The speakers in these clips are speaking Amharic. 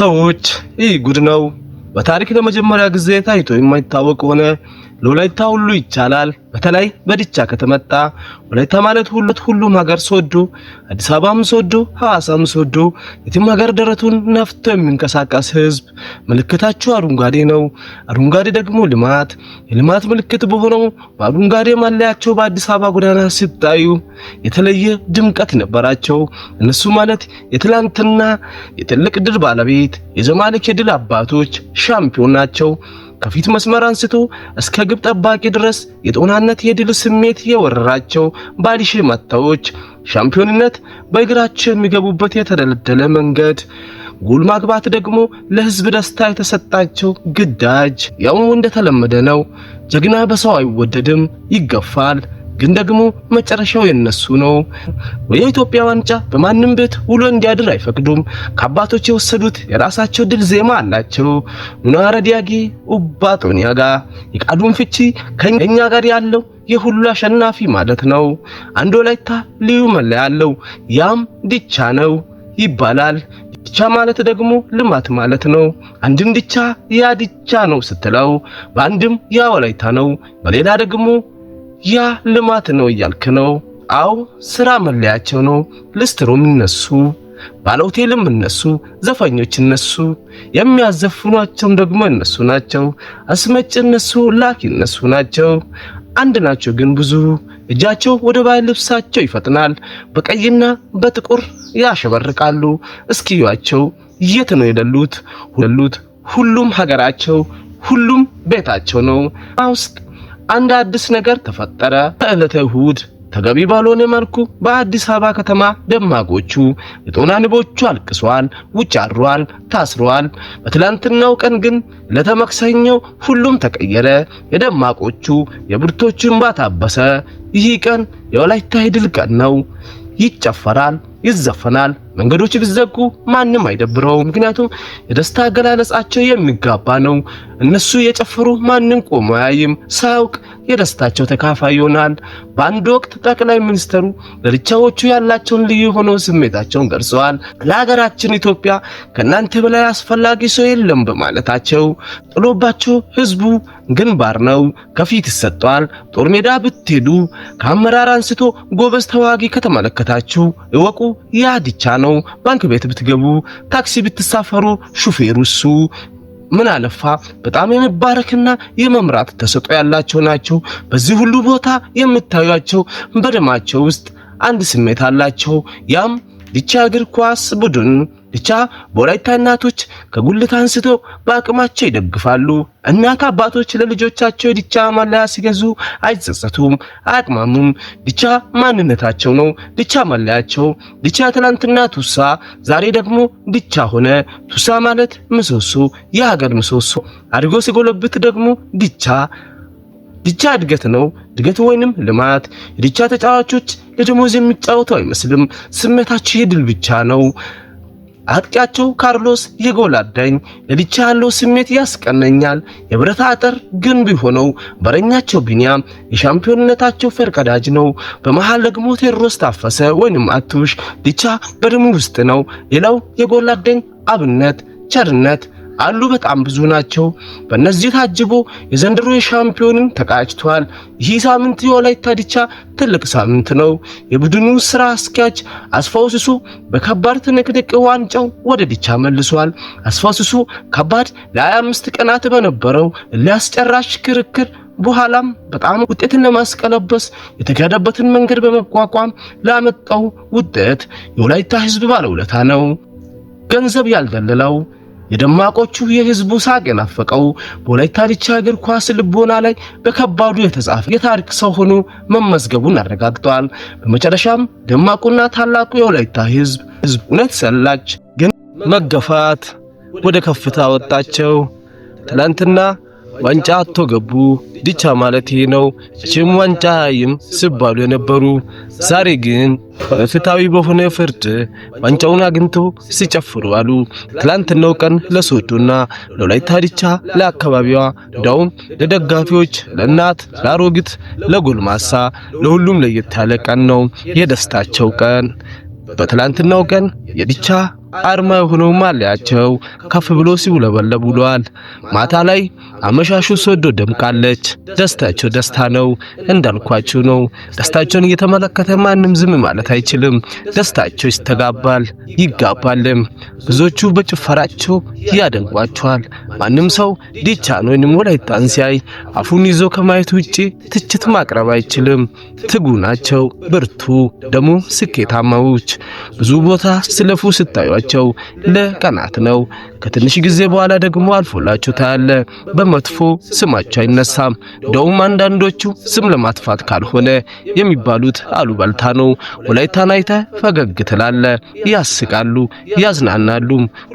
ሰዎች ይህ ጉድ ነው። በታሪክ ለመጀመሪያ ጊዜ ታይቶ የማይታወቅ ሆነ። ለወላይታ ሁሉ ይቻላል። በተለይ በድቻ ከተመጣ ወላይታ ማለት ሁሉ ሁሉም ሀገር ሶዶ፣ አዲስ አበባም ሶዶ፣ ሐዋሳም ሶዶ፣ የትም ሀገር ደረቱን ነፍቶ የሚንቀሳቀስ ህዝብ ምልክታችሁ አረንጓዴ ነው። አረንጓዴ ደግሞ ልማት፣ የልማት ምልክት በሆነው በአረንጓዴ ማለያቸው በአዲስ አበባ ጎዳና ሲታዩ የተለየ ድምቀት ነበራቸው። እነሱ ማለት የትላንትና የትልቅ ድል ባለቤት የዘማሌክ የድል አባቶች ሻምፒዮን ናቸው። ከፊት መስመር አንስቶ እስከ ግብ ጠባቂ ድረስ የጦናነት የድል ስሜት የወረራቸው ባሊሼ መታዎች ሻምፒዮንነት በእግራቸው የሚገቡበት የተደለደለ መንገድ ጎል ማግባት ደግሞ ለህዝብ ደስታ የተሰጣቸው ግዳጅ ያው እንደተለመደ ነው። ጀግና በሰው አይወደድም፣ ይገፋል። ግን ደግሞ መጨረሻው የነሱ ነው። የኢትዮጵያ ዋንጫ በማንም ቤት ውሎ እንዲያድር አይፈቅዱም። ከአባቶች የወሰዱት የራሳቸው ድል ዜማ አላቸው። ኑናረ ዲያጌ ኡባ ጋ የቃሉን ፍቺ ከኛ ጋር ያለው የሁሉ አሸናፊ ማለት ነው። አንድ ወላይታ ልዩ መለያ አለው፣ ያም ዲቻ ነው ይባላል። ዲቻ ማለት ደግሞ ልማት ማለት ነው። አንድም ዲቻ ያ ዲቻ ነው ስትለው በአንድም ያ ወላይታ ነው፣ በሌላ ደግሞ ያ ልማት ነው እያልክ ነው? አዎ ስራ መለያቸው ነው። ልስትሮም እነሱ፣ ባለሆቴልም እነሱ፣ ዘፋኞች እነሱ፣ የሚያዘፍኗቸውም ደግሞ እነሱ ናቸው። አስመጭ እነሱ፣ ላኪ እነሱ ናቸው። አንድ ናቸው ግን ብዙ። እጃቸው ወደ ባይ ልብሳቸው ይፈጥናል። በቀይና በጥቁር ያሸበርቃሉ። እስኪዩአቸው የት ነው የደሉት? ሁሉም ሀገራቸው፣ ሁሉም ቤታቸው ነው። አንድ አዲስ ነገር ተፈጠረ። በዕለተ እሁድ ተገቢ ባልሆነ መልኩ በአዲስ አበባ ከተማ ደማቆቹ የጦና ንቦቹ አልቅሷል፣ ውጭ አድሯል፣ ታስሯል። በትላንትናው ቀን ግን ለተመክሰኛው ሁሉም ተቀየረ። የደማቆቹ የብርቶቹ እንባ ታበሰ። ይህ ቀን የወላይታ ድል ቀን ነው። ይጨፈራል፣ ይዘፈናል፣ መንገዶች ቢዘጉ ማንም አይደብረው፣ ምክንያቱም የደስታ አገላለጻቸው የሚጋባ ነው። እነሱ የጨፈሩ ማንም ቆሞ አያይም፣ ሳያውቅ የደስታቸው ተካፋይ ይሆናል። በአንድ ወቅት ጠቅላይ ሚኒስትሩ ለልቻዎቹ ያላቸውን ልዩ የሆነው ስሜታቸውን ገልጸዋል። ለሀገራችን ኢትዮጵያ ከእናንተ በላይ አስፈላጊ ሰው የለም በማለታቸው ጥሎባቸው ህዝቡ ግንባር ነው፣ ከፊት ይሰጠዋል። ጦር ሜዳ ብትሄዱ ከአመራር አንስቶ ጎበዝ ተዋጊ ከተመለከታችሁ እወቁ፣ ያድቻ ነው። ነው። ባንክ ቤት ብትገቡ፣ ታክሲ ብትሳፈሩ ሹፌሩ እሱ ምን አለፋ በጣም የመባረክና የመምራት ተሰጦ ያላቸው ናቸው። በዚህ ሁሉ ቦታ የምታዩቸው በደማቸው ውስጥ አንድ ስሜት አላቸው። ያም ይቺ እግር ኳስ ቡድን ብቻ በወላይታ እናቶች ከጉልት አንስቶ በአቅማቸው ይደግፋሉ። እናት አባቶች ለልጆቻቸው ዲቻ ማሊያ ሲገዙ አይጸጸቱም፣ አያቅማሙም። ዲቻ ማንነታቸው ነው፣ ዲቻ ማሊያቸው። ዲቻ ትናንትና ቱሳ፣ ዛሬ ደግሞ ዲቻ ሆነ። ቱሳ ማለት ምሰሶ፣ የሀገር ምሰሶ አድጎ ሲጎለብት ደግሞ ዲቻ ዲቻ እድገት ነው። እድገት ወይንም ልማት። የዲቻ ተጫዋቾች ለደሞዝ የሚጫወተው አይመስልም። ስሜታቸው የድል ብቻ ነው። አጥቂያቸው ካርሎስ የጎል አዳኝ ለብቻ ያለው ስሜት ያስቀነኛል። የብረት አጥር ግንብ የሆነው በረኛቸው ቢኒያም የሻምፒዮንነታቸው ፈርቀዳጅ ነው። በመሃል ደግሞ ቴዎድሮስ ታፈሰ ወይንም አቱሽ ብቻ በደሙ ውስጥ ነው። ሌላው የጎል አዳኝ አብነት ቸርነት አሉ። በጣም ብዙ ናቸው። በእነዚህ ታጅቦ የዘንድሮ የሻምፒዮንን ተቃጭቷል። ይህ ሳምንት የወላይታ ዲቻ ትልቅ ሳምንት ነው። የቡድኑ ስራ አስኪያጅ አስፋው ሲሱ በከባድ ትንቅንቅ ዋንጫው ወደ ዲቻ መልሷል። አስፋው ሲሱ ከባድ ለ25 ቀናት በነበረው ሊያስጨራሽ ክርክር በኋላም በጣም ውጤትን ለማስቀለበስ የተካሄደበትን መንገድ በመቋቋም ላመጣው ውጤት የወላይታ ህዝብ ባለውለታ ነው። ገንዘብ ያልደለለው የደማቆቹ የህዝቡ ሳቅ የናፈቀው በወላይታ ዲቻ እግር ኳስ ልቦና ላይ በከባዱ የተጻፈ የታሪክ ሰው ሆኖ መመዝገቡን አረጋግጠዋል። በመጨረሻም ደማቁና ታላቁ የወላይታ ህዝብ ህዝብ እውነት ሰላች፣ ግን መገፋት ወደ ከፍታ ወጣቸው ትላንትና ዋንጫ አቶ ገቡ ዲቻ ማለት ይሄ ነው። እችም ዋንጫ ይም ሲባሉ የነበሩ ዛሬ ግን ፍትሃዊ በሆነ ፍርድ ዋንጫውን አግኝተው ሲጨፍሩ አሉ። ትላንትናው ቀን ለሶዶና ለወላይታ ዲቻ ለአካባቢዋ እንዳውም ለደጋፊዎች፣ ለእናት፣ ለአሮጊት፣ ለጎልማሳ ለሁሉም ለየት ያለ ቀን ነው፣ የደስታቸው ቀን። በትላንትናው ቀን የዲቻ አርማ የሆነው ማሊያቸው ከፍ ብሎ ሲውለበለብ ውለዋል። ማታ ላይ አመሻሹ ሰዶ ደምቃለች። ደስታቸው ደስታ ነው፣ እንዳልኳችሁ ነው። ደስታቸውን እየተመለከተ ማንም ዝም ማለት አይችልም። ደስታቸው ይስተጋባል፣ ይጋባልም። ብዙዎቹ በጭፈራቸው ያደንቋቸዋል። ማንም ሰው ዲቻን ወይንም ወላይታን ሲያይ አፉን ይዞ ከማየት ውጪ ትችት ማቅረብ አይችልም። ትጉ ናቸው፣ ብርቱ ደግሞ ስኬታማዎች። ብዙ ቦታ ስለፉ ስታዩ ያሏቸው ለቀናት ነው። ከትንሽ ጊዜ በኋላ ደግሞ አልፎላችሁ ታያለ። በመጥፎ ስማቸው አይነሳም። እንደውም አንዳንዶቹ ስም ለማጥፋት ካልሆነ የሚባሉት አሉባልታ ነው። ወላይታን አይተ ፈገግ ትላለ። ያስቃሉ፣ ያዝናናሉ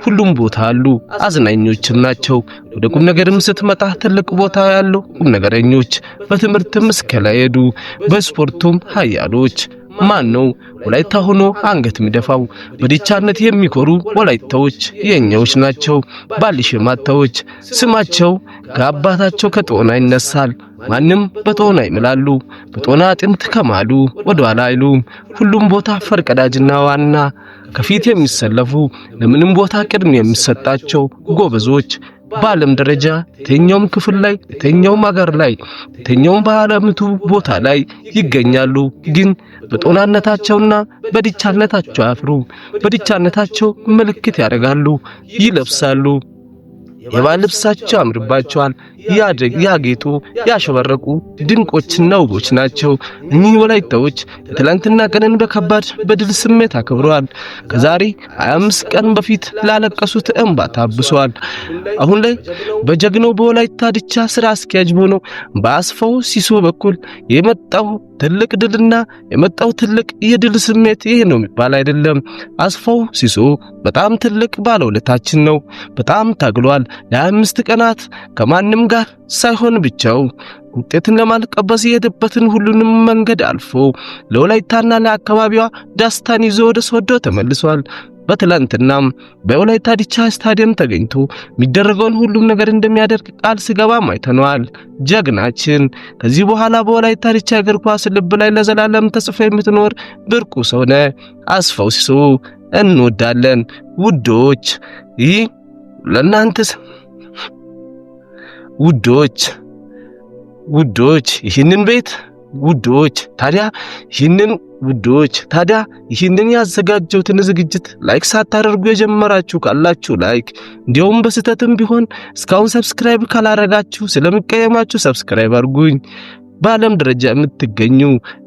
ሁሉም ቦታ አሉ። አዝናኞችም ናቸው። ወደ ቁም ነገርም ስትመጣ ትልቅ ቦታ ያለው ቁም ነገረኞች፣ በትምህርትም እስከላይ ሄዱ፣ በስፖርቱም ሀያሎች ማን ነው ወላይታ ሆኖ አንገት የሚደፋው? በዲቻነት የሚኮሩ ወላይታዎች የኛዎች ናቸው። ባልሽማታዎች ስማቸው ከአባታቸው ከጦና ይነሳል። ማንም በጦና ይምላሉ፣ በጦና አጥንት ከማሉ ወደ ኋላ አይሉ። ሁሉም ቦታ ፈርቀዳጅና ዋና ከፊት የሚሰለፉ ለምንም ቦታ ቅድም የሚሰጣቸው ጎበዞች በዓለም ደረጃ የትኛውም ክፍል ላይ የትኛውም ሀገር ላይ የትኛውም በዓለምቱ ቦታ ላይ ይገኛሉ። ግን በጦናነታቸውና በድቻነታቸው አያፍሩ። በድቻነታቸው ምልክት ያደርጋሉ፣ ይለብሳሉ። የባህል ልብሳቸው አምርባቸዋል። ያጌጡ ያሸበረቁ ድንቆችና ውቦች ናቸው። እኚህ ወላይታዎች የትላንትና ቀንን በከባድ በድል ስሜት አክብረዋል። ከዛሬ 25 ቀን በፊት ላለቀሱት እንባ ታብሰዋል። አሁን ላይ በጀግናው በወላይታ ድቻ ስራ አስኪያጅ ሆኖ በአስፋው ሲሶ በኩል የመጣው ትልቅ ድልና የመጣው ትልቅ የድል ስሜት ይሄ ነው የሚባል አይደለም። አስፋው ሲሶ በጣም ትልቅ ባለውለታችን ነው። በጣም ታግሏል። ለአምስት ቀናት ከማንም ጋር ሳይሆን ብቻው ውጤትን ለማልቀበስ የሄደበትን ሁሉንም መንገድ አልፎ ለወላይታና ለአካባቢዋ ደስታን ይዞ ወደ ሶዶ ተመልሷል። በትላንትናም በወላይታ ዲቻ ስታዲየም ተገኝቶ የሚደረገውን ሁሉም ነገር እንደሚያደርግ ቃል ሲገባም አይተነዋል። ጀግናችን ከዚህ በኋላ በወላይታ ዲቻ እግር ኳስ ልብ ላይ ለዘላለም ተጽፎ የምትኖር ብርቁ ሰው ነህ። እንወዳለን ውዶች። ይህ ለእናንተስ ውዶች ውዶች ይህንን ቤት ውዶች ታዲያ ይህንን ውዶች ታዲያ ይህንን ያዘጋጀሁትን ዝግጅት ላይክ ሳታደርጉ የጀመራችሁ ካላችሁ ላይክ፣ እንዲሁም በስህተትም ቢሆን እስካሁን ሰብስክራይብ ካላረጋችሁ ስለሚቀየማችሁ ሰብስክራይብ አድርጉኝ። በዓለም ደረጃ የምትገኙ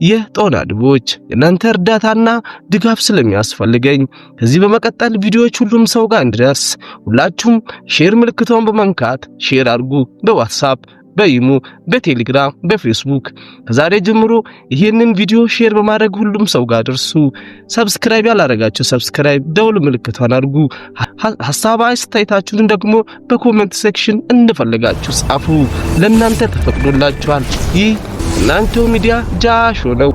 የጦና ድቦች የእናንተ እርዳታና ድጋፍ ስለሚያስፈልገኝ ከዚህ በመቀጠል ቪዲዮዎች ሁሉም ሰው ጋር እንዲደርስ ሁላችሁም ሼር ምልክቷን በመንካት ሼር አድርጉ በዋትሳፕ በኢሞ በቴሌግራም በፌስቡክ ከዛሬ ጀምሮ ይህንን ቪዲዮ ሼር በማድረግ ሁሉም ሰው ጋር ደርሱ። ሰብስክራይብ ያላረጋችሁ ሰብስክራይብ፣ ደውል ምልክቷን አድርጉ። ሀሳብ አስተያየታችሁን ደግሞ በኮመንት ሴክሽን እንፈልጋችሁ ጻፉ። ለእናንተ ተፈቅዶላችኋል። ይህ እናንተው ሚዲያ ጃሾ ነው።